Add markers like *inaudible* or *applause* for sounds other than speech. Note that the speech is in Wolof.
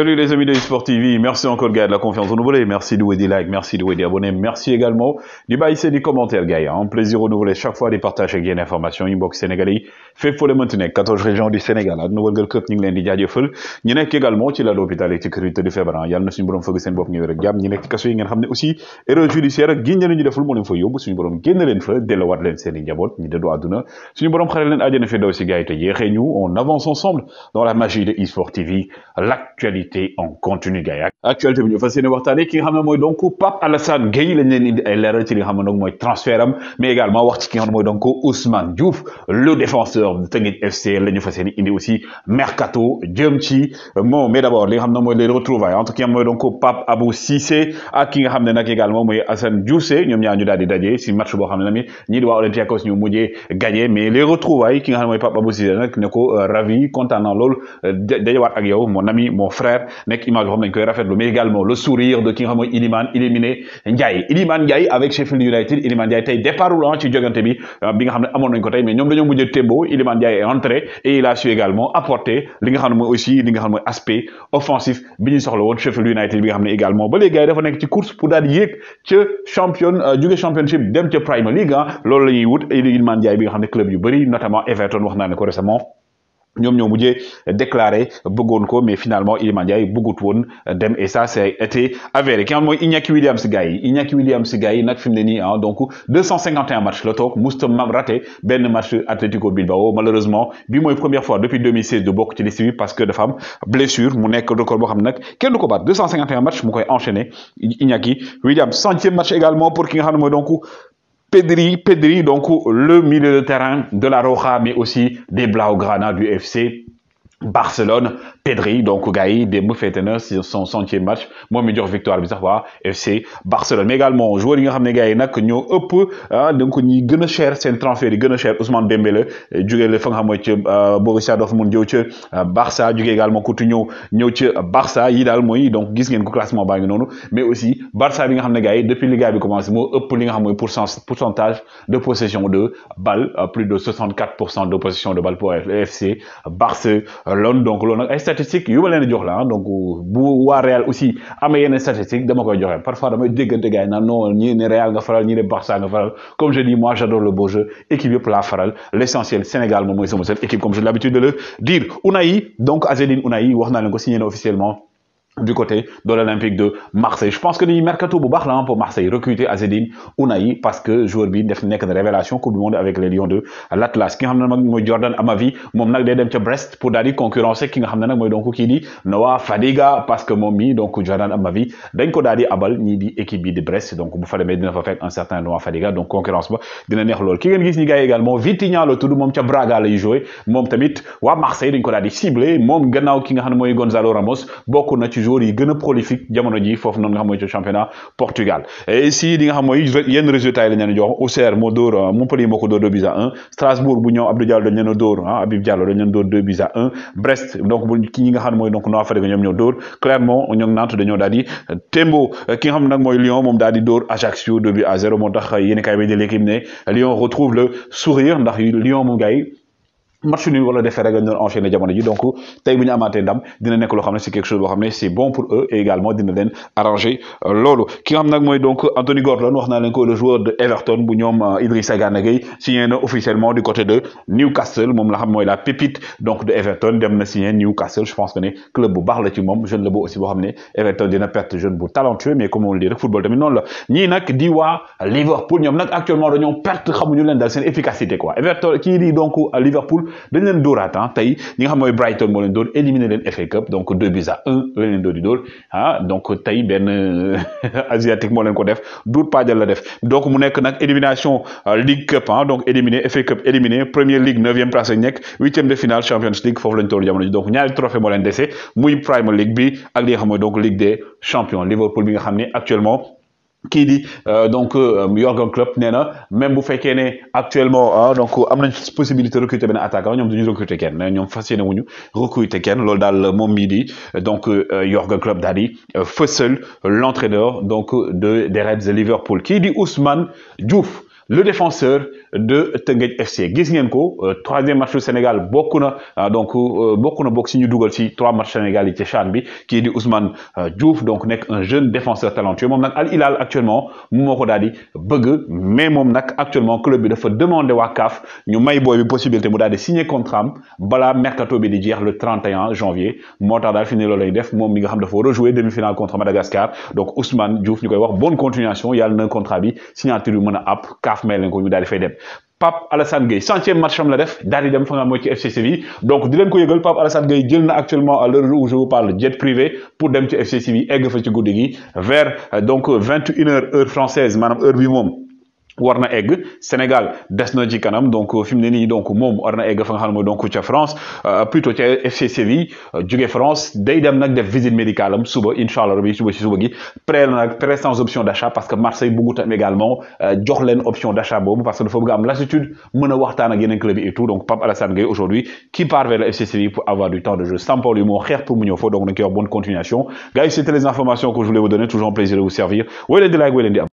Salut les amis de eSport TV, merci encore gars de la confiance renouvelée, merci de des likes, merci de des abonnés, merci également du bail et du commentaire gars. Un hein. plaisir renouvelé chaque fois de partager avec des information. inbox sénégalais. Fait pour le Montenegro, 14 régions du Sénégal, la hein. nouvelle gueule club ñu ngi leen di jaajëfal. Ñi nekk également ci à l'hôpital et sécurité de février, hein. Yalla na suñu borom fëgg seen bopp ñu wër ak jàmm. Ñi nekk ci kaso yi ngeen xam aussi erreur judiciaire ak giñ ñu deful mon leen fa yóbbu suñu borom génn leen fa delluwaat leen seen i njaboot ñi dëddu àdduna. Suñu borom xare leen àjjana fi daw ci gars yi te yéexee ñu on avance ensemble dans la magie de eSport TV, l'actualité actualité en continu gars actualité ñu fas waxtane ki nga xam moy donc Pape Alassane Gueye lañ leen indi ay leeral ci li nga xam moy donc transfert am mais également wax ci ki nga xam moy donc Ousmane Diouf le défenseur de Teungueth FC lañu ñu indi aussi mercato jëm ci moom mais d'abord li nga xam moy mooy les retrouvailles entre ki nga xam donc Pape Abou Cissé ak ki nga xam nak nag également moy Assane Diouf ñom ñaar ñu daldi dajé ci si match boo xam ne nami ñii di waa Olympiakos ñu mujjé gagner mais les retrouvailles ki nga xam moy Pape Abou Cissé nak ne ko euh, ravi kontaan na dajé dajawaat ak yow mon ami mon frère frère nekk image boo xam ne dañ koy rafetlu mais également le sourire de ki nga xam Iliman éliminé Ndiaye Iliman Ndiaye avec Sheffield United Iliman Ndiaye tay départ ah ci jogante bi euh, bi nga xam ne nañ ko tay mais ñom dañu mujjee tembo Iliman Ndiaye est entré et il a su également apporter li nga xam moy aussi li nga xam moy aspect offensif biñu soxla won Sheffield United bi nga xam également ba léegi gars dafa nek ci course pour dal yek ci champion euh, jóge championship dem ci Premier League ah loolu wut Iliman Ndiaye bi nga xam club yu bari notamment Everton wax na ko récemment ñoom ñoo mujjee déclaré bëggoon ko mais finalement m'a Ndiaye bëggut woon dem et ça c'est été avéré ki y a mooy Iñaki Williams gars yi Iñaki Williams gars yi nag fi mu ne ah, donc 251 matchs. la toog musta raté benn match Atletico Bilbao malheureusement bi mooy première fois depuis 2016 du bokk ci liste parce que dafa am blessure mu nekk record boo xam ne nag kenn du ko baat 251 match mu koy enchaîné Iñaki Williams centième match également pour ki nga xam ne mooy donc Pedri, Pedri, donc le milieu de terrain de la Roja, mais aussi des Blaugrana du FC Barcelone Pedri donc Gaï, yi démb son son centième match moi mi victoire bi sax FC Barcelone mais également joueur yi nga xam gars yi ñoo ëpp ah, donc ñi gën a cher seen transfert yi cher Ousmane Dembélé eh, jógee la fa nga xam ah, Borussia Dortmund ñëw ah, Barça jógee également Coutinho ñëw Barça yi daal mooy donc gis ngeen ko classement baa non. mais aussi Barça bi nga xam gars yi depuis Liga bi commencé commence, ëpp li nga xam pourcentage de possession de balle plus de 64 de possession de balle pour FC Barça euh, loolu donc loolu nag ay statistiques yu ma donc Real aussi statistiques dama koy parfois gars yi non Real faral Barça nga comme je dis moi j'adore le beau jeu équipe pour l'essentiel Sénégal équipe comme j'ai l'habitude de le dire Unai donc signé officiellement du côté de l'Olympique de Marseille. Je pense que le mercato bu baax pour Marseille recruter Azedine Ounahi parce que joueur bi def nek na révélation Coupe du monde avec les Lions de l'Atlas qui nga xam moy Jordan Amavi mom nak day dem ci Brest pour d'aller concurrencer qui nga xam ne donc di Noah Fadiga parce que mom mi donc Jordan Amavi dañ ko daal abal ni di équipe bi de Brest donc bu fa demee dina fa fek un certain Noah Fadiga donc concurrence ba dina neex lool ki ngeen gis ni gars également Vitinha le tout mom ci Braga lay jouer mom tamit wa Marseille dañ ko daal cibler mom gannaaw ki nga xamna moy Gonzalo Ramos bokku na ci joueurs yi gëna prolifique jamono ji fofu non nga xam moy ci championnat Portugal et ici li nga xam moy yenn résultats yi la ñu jox Auxerre moo dóor euh, Montpellier moo ko 2 buts à 1 Strasbourg bu ñëw Abdou Diallo dañ leen a dóor ah Habib Diallo dañu leen dóor 2 buts à 1 Brest donc bu ki nga xam moy donc Nord Afrique ñoom ñëw dóor clairement ñok Nantes dañu daldi euh, Tembo euh, ki nga xam nak moy Lyon mom daldi di dóor Ajaccio 2 buts à 0 moo yene kay bay de l'équipe né Lyon retrouve le sourire ndax Lyon moom gars yi match nul wala defee rek ñu enchaîné jamono ji donc tay buñu amaté amaatee ndam dina nek lo xamné ne c'est quelque chose bo xamné c'est bon pour eux et également dina leen arranger euh, lolu ki nga xam nag mooy donc Anthony Gordon wax naa leen ko le joueur de Everton bu ñom euh, Idrissa Gana Gueye signé na officiellement du côté de Newcastle mom la xam moy la pépite donc de Everton dem na signé Newcastle je pense que né club bu baax la ci mom jeune le beau aussi bo xamné Everton dina perte jeune bu talentueux mais comme on le dit rek football tamit non la ñi nak di wa Liverpool ñom nak actuellement dañoo perte ñu leen dal sen efficacité quoi Everton qui di donc euh, Liverpool dañ leen dóoraat ah tey ñi nga xam mooy Brighton moo leen dóor éliminer leen FA Cup donc deux buts à un la leen dóor di door ah donc tey benn euh, *laughs* asiatique moo leen ko def duut paajal la def donc mu nekk nag élimination euh, League Cup ah donc éliminer FA Cup éliminé Premier League neuvième place lañ nekk huitième de finale Champions League foofu lañ toll jamono ji donc ñaari trophée moo leen dese muy Prime League bi ak li nga xam mooy donc Ligue des champions Liverpool bi nga xam ne actuellement qui di euh, donc euh, Jürgen Klopp n'est pas même bu fekkee est actuellement ah, donc am nañ possibilité recruter ben attaquant ñom duñu recruter kenn ñom fas wuñu recruter kenn loolu dal mom mi di donc euh, Jürgen Klopp daal di seul l'entraîneur donc de des Reds de Liverpool qui dit Ousmane Diouf le défenseur de Teungueth FC gis euh, troisième match du Sénégal beaucoup donc beaucoup de boxing du ñu si trois matchs Sénégal et ci CHAN bi di Ousmane euh, Diouf donc n'est un jeune défenseur talentueux il a Al Hilal actuellement moo ko daal mais moom actuellement club bi dafa demandé à CAF ñu may booy bi possibilité de signer contrat am mercato bi le 31 janvier moo tax daal fi ne loolu lay def moom rejouer demi-finale contre Madagascar donc Ousmane Diouf ñu wax bonne continuation il a un contrat bi signature bi mën App, CAF kaaf may leen ko ñu daal di fay Pape Alassane Gueye centième match am la def daal di dem fa nga mooy ci FC Séville donc di leen ko yëgal Pape Alassane Gueye jël na actuellement à l'heure où je vous parle jet privé pour dem ci FC Séville egg ci guddi gi vers euh, donc h h heure française maanaam heure bi moom warna egg Sénégal des na ci kanam donc fimné ni donc mom warna egg fa nga xam donc ca France euh, plutôt ca FC Séville euh, jóge France day dem nak def visite médicale am suba inshallah allah suba si suba gi prêt nak près, prêt sans option d'achat parce que Marseille bëggut am également euh, jox leen option d'achat boobu parce que dafa bëgg am lassitude mën a waxtaan ak yeneen club et tout donc Pape Alassane Gueye aujourd'hui qui part vers le FC Séville pour avoir du temps de jeu sans Sampaoli moo xeex pour mu ñëw fo donc nak yow bonne continuation gars c'était les informations que je voulais vous donner toujours un plaisir de vous servir wooy de la like